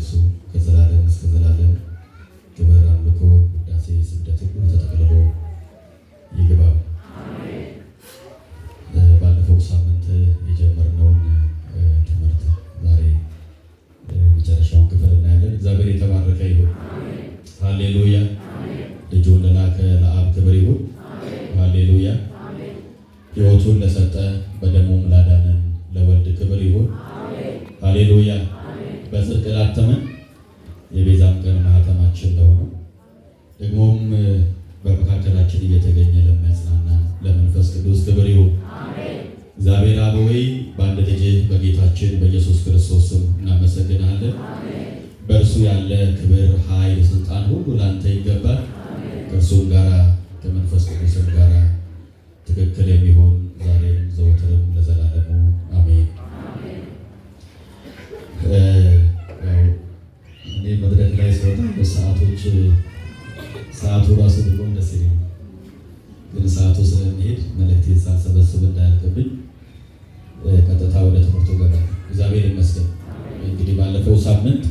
የሚደርሱ ከዘላለም እስከ ዘላለም ግብር፣ አምልኮ፣ ዳሴ፣ ስግደት ሁሉ ተጠቅልሎ ይግባ። ባለፈው ሳምንት የጀመርነውን ትምህርት ዛሬ መጨረሻውን ክፍል እናያለን። እግዚአብሔር የተባረከ ይሁን። ሃሌሉያ። ልጁን ለላከ ለአብ ክብር ይሁን። ሃሌሉያ። ለሰጠ በደሙም ላዳነን ለወልድ ክብር ይሁን። ሃሌሉያ በጽድቅ ላተመን የቤዛም ቀን ማህተማችን ለሆነ ደግሞም በመካከላችን እየተገኘ ለሚያጽናና ለመንፈስ ቅዱስ ክብር ይሁን። እግዚአብሔር አብ በአንድ ልጅ በጌታችን በኢየሱስ ክርስቶስ ስም እናመሰግናለን። በእርሱ ያለ ክብር፣ ኃይል፣ ስልጣን ሁሉ ላንተ ራሱ ቢሆን ደስ ይለኛል፣ ግን ሰዓቱ ስለሚሄድ መልእክት ሳልሰበስብ እንዳያልቅብኝ ቀጥታ ወደ ትምህርቱ ገባል። እግዚአብሔር ይመስገን። እንግዲህ ባለፈው ሳምንት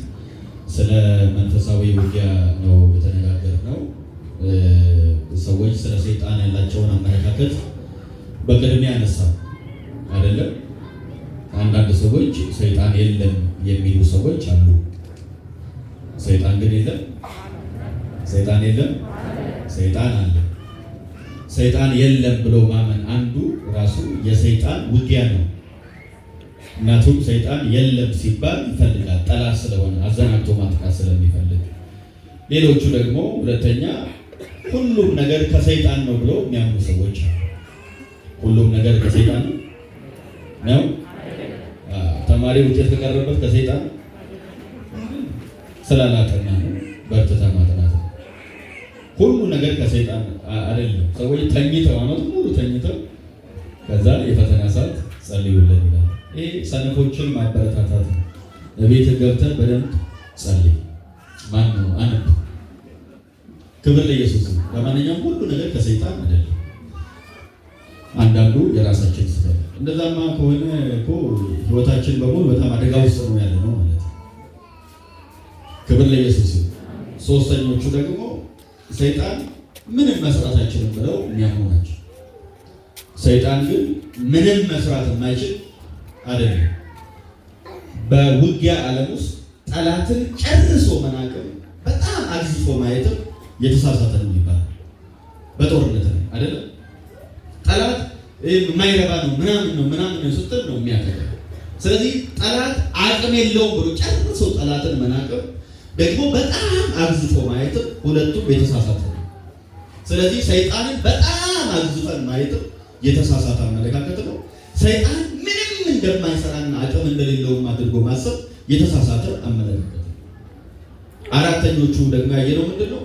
ስለ መንፈሳዊ ውጊያ ነው ነው። ሰዎች ስለ ሰይጣን ያላቸውን አመለካከት በቅድሚያ ያነሳ አይደለም። አንዳንድ ሰዎች ሰይጣን የለም የሚሉ ሰዎች አሉ። ሰይጣን ግን የለም፣ ሰይጣን የለም ሰይጣን አለ። ሰይጣን የለም ብሎ ማመን አንዱ ራሱ የሰይጣን ውጊያ ነው። እናቱም ሰይጣን የለም ሲባል ይፈልጋል፣ ጠላት ስለሆነ አዘናግቶ ማጥቃት ስለሚፈልግ። ሌሎቹ ደግሞ ሁለተኛ ሁሉም ነገር ከሰይጣን ነው ብሎ የሚያምኑ ሰዎች ሁሉም ነገር ከሰይጣን ነው። ተማሪ ውጤት ከቀረበት ከሰይጣን ስላላጠና ነው። በርትታ ሁሉ ነገር ከሰይጣን አይደለም። ሰዎች ተኝተው አመቱ ሙሉ ተኝተው ከዛ የፈተና ሰዓት ጸልዩልን ይላል። ይህ ሰነፎችን ማበረታታት ነው። በቤት ገብተህ በደንብ ጸልይ። ማን ነው አነ ክብር ለኢየሱስ። ለማንኛውም ሁሉ ነገር ከሰይጣን አይደለም። አንዳንዱ የራሳችን ስለ እንደዛማ ከሆነ እኮ ህይወታችን በሙሉ በጣም አደጋ ውስጥ ነው ያለ ነው ማለት ነው። ክብር ለኢየሱስ። ሶስተኞቹ ደግሞ ሰይጣን ምንም መስራት አይችልም ብለው የሚያምኑ ናቸው። ሰይጣን ግን ምንም መስራት የማይችል አይደለም። በውጊያ ዓለም ውስጥ ጠላትን ጨርሶ መናቅም በጣም አግዝፎ ማየትም የተሳሳተ ነው ይባላል። በጦርነት ነው አይደለም። ጠላት የማይረባ ነው ምናምን ነው ምናምን ነው ስትል ነው የሚያጠቃ። ስለዚህ ጠላት አቅም የለውም ብሎ ጨርሶ ጠላትን መናቅም ደግሞ በጣም አግዝፎ ማየትም ሁለቱም የተሳሳተ ነው። ስለዚህ ሰይጣንን በጣም አግዝፈን ማየትም የተሳሳተ አመለካከት ነው። ሰይጣን ምንም እንደማይሰራና አቅም እንደሌለውም አድርጎ ማሰብ የተሳሳተ አመለካከት ነው። አራተኞቹ ደግሞ ያየነው ምንድን ነው?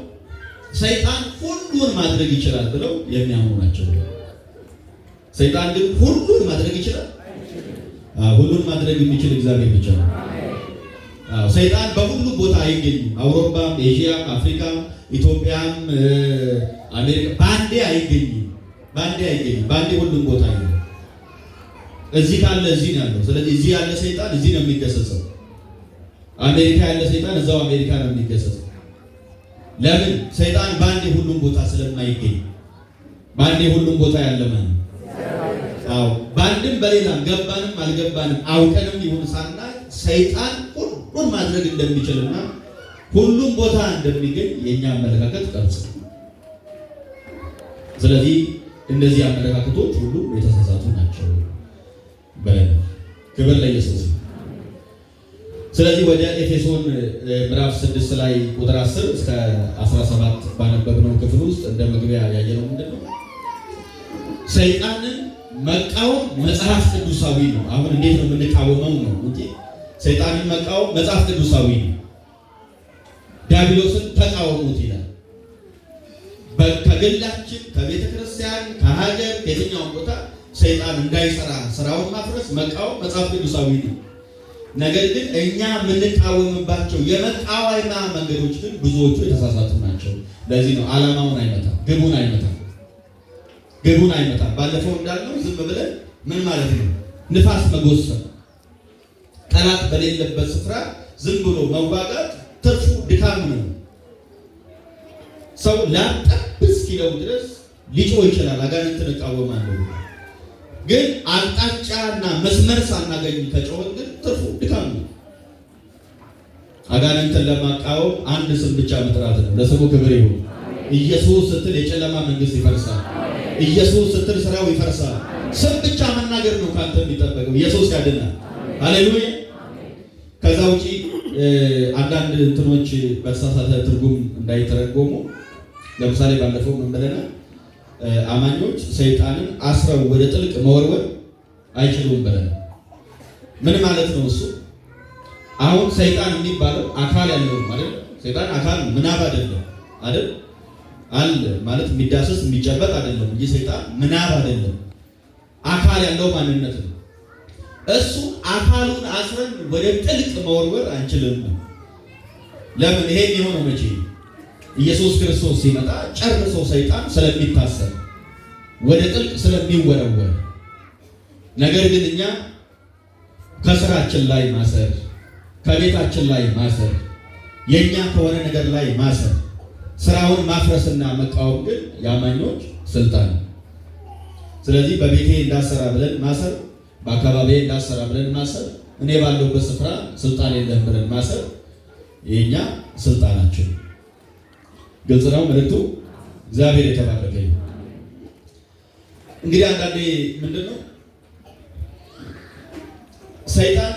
ሰይጣን ሁሉን ማድረግ ይችላል ብለው የሚያምኑ ናቸው። ሰይጣን ግን ሁሉን ማድረግ ይችላል? ሁሉን ማድረግ የሚችል እግዚአብሔር ብቻ ነው። ሰይጣን በሁሉ ቦታ አይገኝም። አውሮፓም፣ ኤዥያም፣ አፍሪካም፣ ኢትዮጵያም አሜሪካ በአንዴ አይገኝም። በአንዴ አይገኝም። በአንዴ ሁሉም ቦታ አይገኝም። እዚህ ካለ እዚህ ነው ያለው። ስለዚህ እዚህ ያለ ሰይጣን እዚህ ነው የሚገሰጸው። አሜሪካ ያለ ሰይጣን እዛው አሜሪካ ነው የሚገሰጸው። ለምን? ሰይጣን በአንዴ ሁሉም ቦታ ስለማይገኝ፣ በአንዴ ሁሉም ቦታ ያለ አዎ፣ በአንድም በሌላም ገባንም አልገባንም አውቀንም ይሁን ሳና ሰይጣን ሁሉን ማድረግ እንደሚችልና ሁሉም ቦታ እንደሚገኝ የእኛ አመለካከት ቀርጽ። ስለዚህ እነዚህ አመለካከቶች ሁሉ የተሳሳቱ ናቸው። ክብር ለኢየሱስ። ስለዚህ ወደ ኤፌሶን ምዕራፍ 6 ላይ ቁጥር 10 እስከ 17 ባነበብነው ክፍል ውስጥ እንደ መግቢያ ያየነው ምንድን ነው? ሰይጣንን መቃወም መጽሐፍ ቅዱሳዊ ነው። አሁን እንዴት ነው የምንቃወመው ነው እንጂ ሰይጣን መቃወም መጽሐፍ ቅዱሳዊ ነው። ዲያብሎስን ተቃወሙት ይላል። ከግላችን፣ ከቤተ ክርስቲያን፣ ከሀገር ከየትኛውም ቦታ ሰይጣን እንዳይሰራ ስራውን ማፍረስ መቃወም መጽሐፍ ቅዱሳዊ ነው። ነገር ግን እኛ የምንቃወምባቸው የመቃወሚያ መንገዶች ግን ብዙዎቹ የተሳሳቱ ናቸው። ለዚህ ነው ዓላማውን አይመታም፣ ግቡን አይመታም፣ ግቡን አይመታም። ባለፈው እንዳለው ዝም ብለን ምን ማለት ነው ንፋስ መጎሰም ጠላት በሌለበት ስፍራ ዝም ብሎ መዋጋት ትርፉ ድካም ነው። ሰው ላጠብ እስኪለው ድረስ ሊጮ ይችላል። አጋንንትን እቃወማለሁ ግን አቅጣጫና መስመር ሳናገኝ ተጫወት ግን ትርፉ ድካም ነው። አጋንንትን ለማቃወም አንድ ስም ብቻ መጥራት ነው። ለስሙ ክብር ይሁን። ኢየሱስ ስትል የጨለማ መንግስት ይፈርሳል። ኢየሱስ ስትል ስራው ይፈርሳል። ስም ብቻ መናገር ነው ካንተ የሚጠበቀው። ኢየሱስ ያድናል። ሃሌሉያ ከዛ ውጪ አንዳንድ እንትኖች በተሳሳተ ትርጉም እንዳይተረጎሙ፣ ለምሳሌ ባለፈው መመለና አማኞች ሰይጣንን አስረው ወደ ጥልቅ መወርወር አይችሉም ብለን ምን ማለት ነው? እሱ አሁን ሰይጣን የሚባለው አካል ያለው ማለት ሰይጣን አካል ምናብ አይደለም አይደል? አለ ማለት የሚዳሰስ የሚጨበጥ አይደለም። ይህ ሰይጣን ምናብ አይደለም፣ አካል ያለው ማንነት ነው። እሱ አካሉን አስረን ወደ ጥልቅ መወርወር አንችልም። ለምን? ይሄ የሚሆነው መቼ ኢየሱስ ክርስቶስ ሲመጣ ጨርሶ ሰይጣን ስለሚታሰር ወደ ጥልቅ ስለሚወረወር። ነገር ግን እኛ ከስራችን ላይ ማሰር፣ ከቤታችን ላይ ማሰር፣ የእኛ ከሆነ ነገር ላይ ማሰር፣ ስራውን ማፍረስና መቃወም ግን የአማኞች ስልጣን። ስለዚህ በቤቴ እንዳሰራ ብለን ማሰር በአካባቢ እንዳሰራ ብለን ማሰብ፣ እኔ ባለሁበት ስፍራ ስልጣን የለም ብለን ማሰብ የእኛ ስልጣናችን። ግልጽ ነው መልዕክቱ። እግዚአብሔር የተባረከ ይሁን። እንግዲህ አንዳንዴ ምንድን ነው ሰይጣን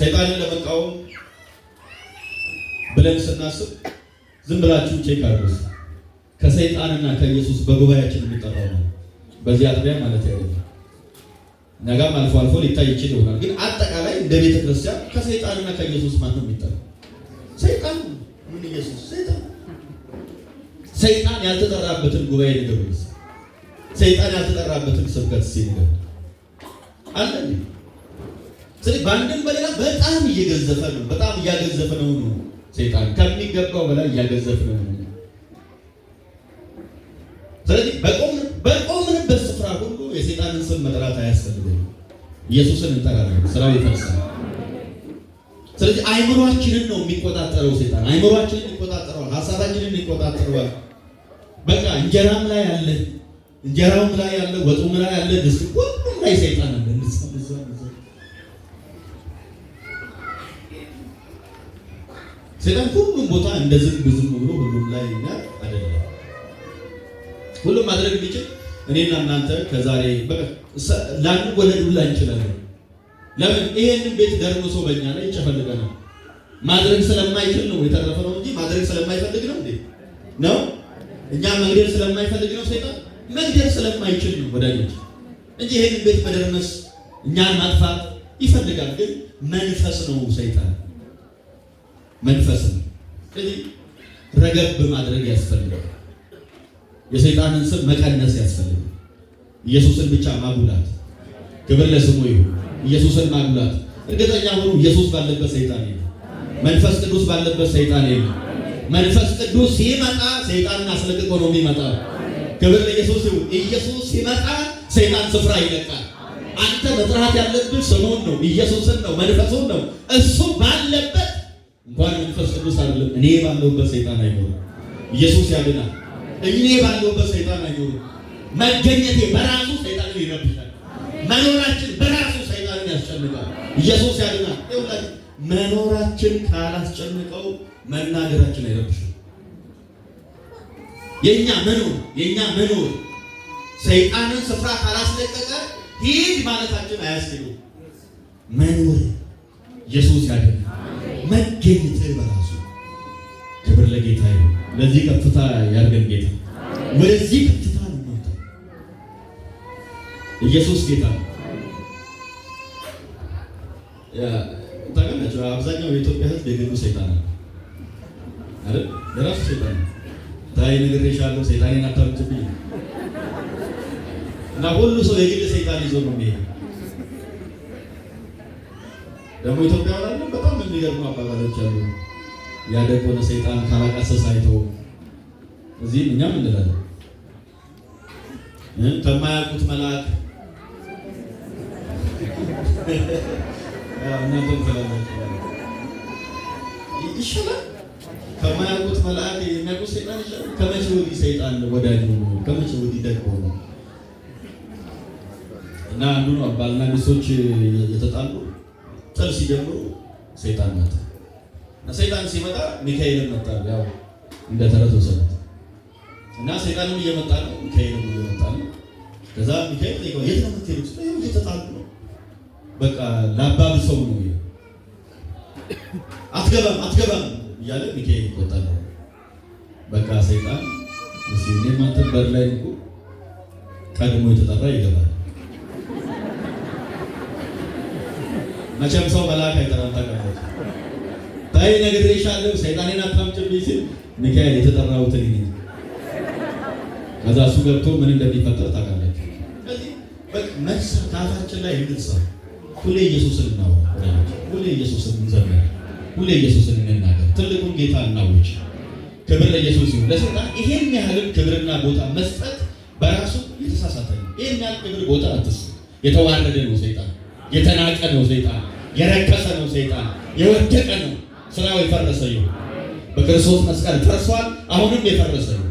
ሰይጣንን ለመቃወም ብለን ስናስብ ዝም ብላችሁ ቼክ አድርጉ ከሰይጣንና ከኢየሱስ በጉባኤያችን የሚጠራው ነው። በዚህ አጥቢያ ማለት ያለ ነገም አልፎ አልፎ ሊታይ ይችል ይሆናል። ግን አጠቃላይ እንደ ቤተ ክርስቲያን ከሰይጣንና ከኢየሱስ ማን ነው የሚጠራው? ሰይጣን ምን ኢየሱስ? ሰይጣን ሰይጣን ያልተጠራበትን ጉባኤ ነገር ሰይጣን ያልተጠራበትን ስብከት ሲነገር አለ። ስለዚህ በአንድም በሌላ በጣም እየገዘፈ ነው፣ በጣም እያገዘፈ ነው ነው ሰይጣን ከሚገባው በላይ እያገዘፈ ነው ስለዚህ በቆምንበት ስፍራ ሁሉ የሴጣንን ስም መጥራት አያስፈልግም። ኢየሱስን እንጠራለን፣ ስራው ይፈርሳል። ስለዚህ አይምሯችንን ነው የሚቆጣጠረው ሴጣን። አይምሯችንን ይቆጣጠረዋል፣ ሀሳባችንን ይቆጣጠረዋል። በቃ እንጀራም ላይ አለ፣ እንጀራውም ላይ አለ፣ ወጡም ላይ አለ፣ ድስት ሁሉም ላይ ሴጣን አለ። ሴጣን ሁሉም ቦታ እንደዚህ ብዙም ብሎ ሁሉም ላይ ይናል አይደለም ሁሉም ማድረግ ቢችል እኔና እናንተ ከዛሬ ላንድ ላንወለድ ሁላ እንችላለን። ለምን ይሄን ቤት ደርሞ ሰው በእኛ ላይ ይጨፈልገናል። ማድረግ ስለማይችል ነው የተረፈ ነው እንጂ ማድረግ ስለማይፈልግ ነው እንዴ ነው እኛ መግደል ስለማይፈልግ ነው ሴጣ መግደል ስለማይችል ነው ወዳጆች እንጂ ይሄን ቤት መደርመስ እኛን ማጥፋት ይፈልጋል። ግን መንፈስ ነው ሰይጣን መንፈስ ነው። ስለዚህ ረገብ ማድረግ ያስፈልጋል። የሰይጣንን ስም መቀነስ ያስፈልጋል። ኢየሱስን ብቻ ማጉላት። ክብር ለስሙ ይሁን። ኢየሱስን ማጉላት። እርግጠኛ ሁኑ፣ ኢየሱስ ባለበት ሰይጣን የለም። መንፈስ ቅዱስ ባለበት ሰይጣን የለም። መንፈስ ቅዱስ ሲመጣ ሰይጣንን አስለቅቆ ነው የሚመጣ። ክብር ለኢየሱስ ይሁን። ኢየሱስ ሲመጣ ሰይጣን ስፍራ ይለቃል። አንተ መጥራት ያለብህ ስሙን ነው፣ ኢየሱስን ነው፣ መንፈሱን ነው። እሱ ባለበት እንኳን መንፈስ ቅዱስ አይደለም እኔ ባለሁበት ሰይጣን አይኖርም። ኢየሱስ ያድናል። እኔ ባለሁበት ሰይጣን አይኖርም። መገኘቴ በራሱ ሰይጣን ይረብሻል። መኖራችን በራሱ ሰይጣን ያስጨንቃል። ኢየሱስ ያድናል። መኖራችን ካላስጨንቀው መናገራችን አይረብሽም። የእኛ መኖር የእኛ መኖር ሰይጣንን ስፍራ ካላስለቀቀ ሂድ ማለታችን አያስችሉም። መኖር ኢየሱስ ያድናል። መገኘ በዚህ ከፍታ ያድርገን ጌታ። ወደዚህ ከፍታ ነው ኢየሱስ ጌታ ታውቃላችሁ አብዛኛው የኢትዮጵያ ሕዝብ የግሉ ሰይጣን አይደል? የራሱ ሰይጣን ታይ ነግሬሻለሁ፣ ሰይጣኔን አታምጪብኝ እና ሁሉ ሰው የግል ሰይጣን ይዞ ነው የሚሄድ። ደግሞ ኢትዮጵያ ላይ በጣም የሚገርሙ አባባሎች አሉ። ያደቆነ ሰይጣን ካላቀሰስ አይተውም። እዚህም እኛም እንላለን ከማያውቁት መልአክ እናንተም ትላላችሁ ይሻላል። ከማያውቁት መልአክ የሚያውቁት ሰይጣን ይሻላል። ከመቼ ወዲህ ሰይጣን ወዳጅ ነው? ከመቼ ወዲህ ደግሞ ነው? እና አንዱ ነው ባልና ሚስቶች የተጣሉ ጥል ሲጀምሩ ሰይጣን ናት ሰይጣን ሲመጣ ሚካኤልን መጣል ያው እንደ ተረት ወሰዱት እና ሰይጣንም እየመጣ ነው፣ ሚካኤልም እየመጣ ነው። ከዛ ሚካኤል ጠይቀው የት ነው የምትሄዱት? እየተጣሉ ነው፣ በቃ ለአባብ ሰው ነው ይላል። አትገባም አትገባም እያለ ሚካኤል ይቆጣል። በቃ ሰይጣን ሙስሊም አንተ በር ላይ እኮ ቀድሞ የተጠራ ይገባል። መቼም ሰው መልአክ አይጠራም ታውቃለህ አይ ነግሬሻለሁ፣ ሰይጣኔን አታምጭብኝ ሲል ሚካኤል የተጠራሁት እኔ ነኝ። ከዛ እሱ ገብቶ ምን እንደሚፈጠር ታውቃለች። ስለዚህ መርሳት አፋችን ላይ እንድንሳ ሁሌ ኢየሱስን እናወራ፣ ሁሌ ኢየሱስን እንዘምር፣ ሁሌ ኢየሱስን እንናገር፣ ትልቁን ጌታ እናውጭ። ክብር ለኢየሱስ ይሁን። ለሰይጣን ይሄን ያህል ክብርና ቦታ መስጠት በራሱ የተሳሳተ ነው። ይሄን ያህል ክብር ቦታ አትስ። የተዋረደ ነው ሰይጣን፣ የተናቀ ነው ሰይጣን፣ የረከሰ ነው ሰይጣን፣ የወደቀ ነው ስራው የፈረሰ ይሁን። በክርስቶስ መስቀል ፈርሷል። አሁንም የፈረሰ